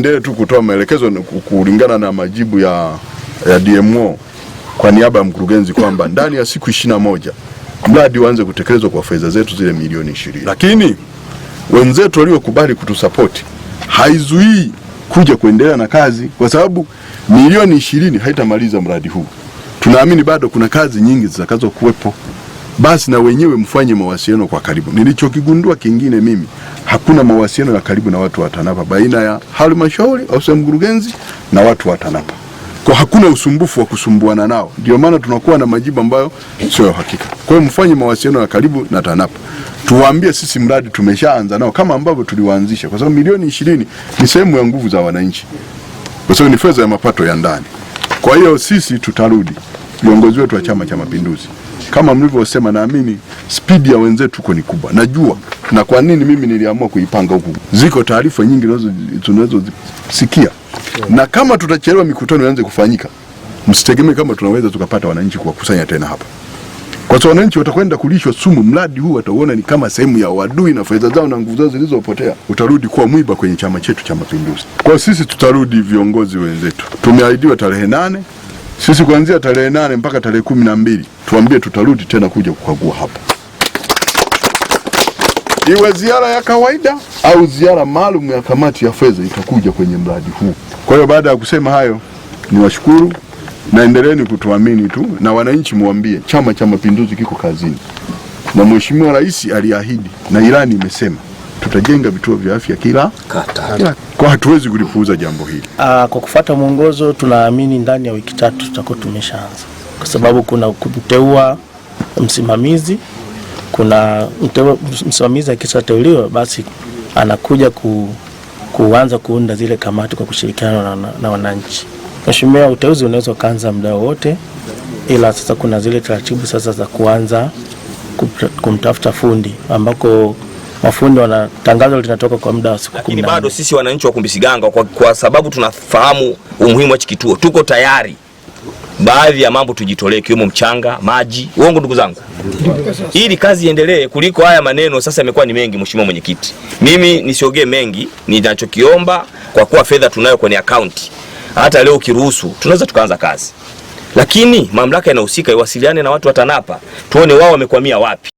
Ndee tu kutoa maelekezo kulingana na majibu ya, ya DMO kwa niaba ya mkurugenzi kwamba ndani ya siku ishirini na moja mradi uanze kutekelezwa kwa fedha zetu zile milioni ishirini, lakini wenzetu waliokubali kutusapoti haizuii kuja kuendelea na kazi, kwa sababu milioni ishirini haitamaliza mradi huu. Tunaamini bado kuna kazi nyingi zitakazo kuwepo basi na wenyewe mfanye mawasiliano kwa karibu. Nilichokigundua kingine mimi, hakuna mawasiliano ya karibu na watu wa TANAPA baina ya halmashauri au mkurugenzi na watu wa TANAPA, kwa hakuna usumbufu wa kusumbuana nao, ndio maana tunakuwa na majibu ambayo sio hakika. Kwa hiyo mfanye mawasiliano ya karibu na TANAPA, tuwaambie sisi mradi tumeshaanza nao kama ambavyo tuliwaanzisha, kwa sababu milioni ishirini ni sehemu ya nguvu za wananchi, kwa sababu ni fedha ya mapato ya ndani. Kwa hiyo sisi tutarudi viongozi wetu wa Chama cha Mapinduzi. Kama mlivyosema, naamini spidi ya wenzetu huko ni kubwa, najua na kwa nini mimi niliamua kuipanga huku. Ziko taarifa nyingi tunazozisikia, na kama tutachelewa mikutano ianze kufanyika, msitegemee kama tunaweza tukapata wananchi kuwakusanya tena hapa, kwa sababu wananchi watakwenda kulishwa sumu. Mradi huu watauona ni kama sehemu ya wadui, na fedha zao na nguvu zao zilizopotea utarudi kuwa mwiba kwenye chama chetu cha Mapinduzi. Kwa sisi tutarudi viongozi wenzetu, tumeahidiwa tarehe nane sisi kuanzia tarehe nane mpaka tarehe kumi na mbili tuambie, tutarudi tena kuja kukagua hapa, iwe ziara ya kawaida au ziara maalum ya kamati ya fedha itakuja kwenye mradi huu. Kwa hiyo baada ya kusema hayo, niwashukuru na endeleeni kutuamini tu, na wananchi muambie Chama cha Mapinduzi kiko kazini, na Mheshimiwa Rais aliahidi na ilani imesema tutajenga vituo vya afya kila kata, kwa hatuwezi kulipuuza jambo hili. Aa, ah, kwa kufuata mwongozo tunaamini ndani ya wiki tatu tutakuwa tumeshaanza, kwa sababu kuna kumteua msimamizi, kuna mteua, msimamizi akishateuliwa basi anakuja ku, kuanza kuunda zile kamati kwa kushirikiana na wananchi. Mheshimiwa, uteuzi unaweza ukaanza muda wowote, ila sasa kuna zile taratibu sasa za kuanza kumtafuta fundi ambako mafundi wana tangazo linatoka kwa muda wa siku 10. Lakini bado sisi wananchi wa Kumbisiganga kwa, kwa sababu tunafahamu umuhimu wa kituo tuko tayari baadhi ya mambo tujitolee, ikiwemo mchanga, maji. Uongo ndugu zangu, ili kazi iendelee, kuliko haya maneno sasa yamekuwa ni mengi. Mheshimiwa Mwenyekiti, mimi nisiogee mengi, ninachokiomba kwa kuwa fedha tunayo kwenye akaunti, hata leo ukiruhusu, tunaweza tukaanza kazi, lakini mamlaka inahusika iwasiliane na watu wa TANAPA tuone wao wamekwamia wapi.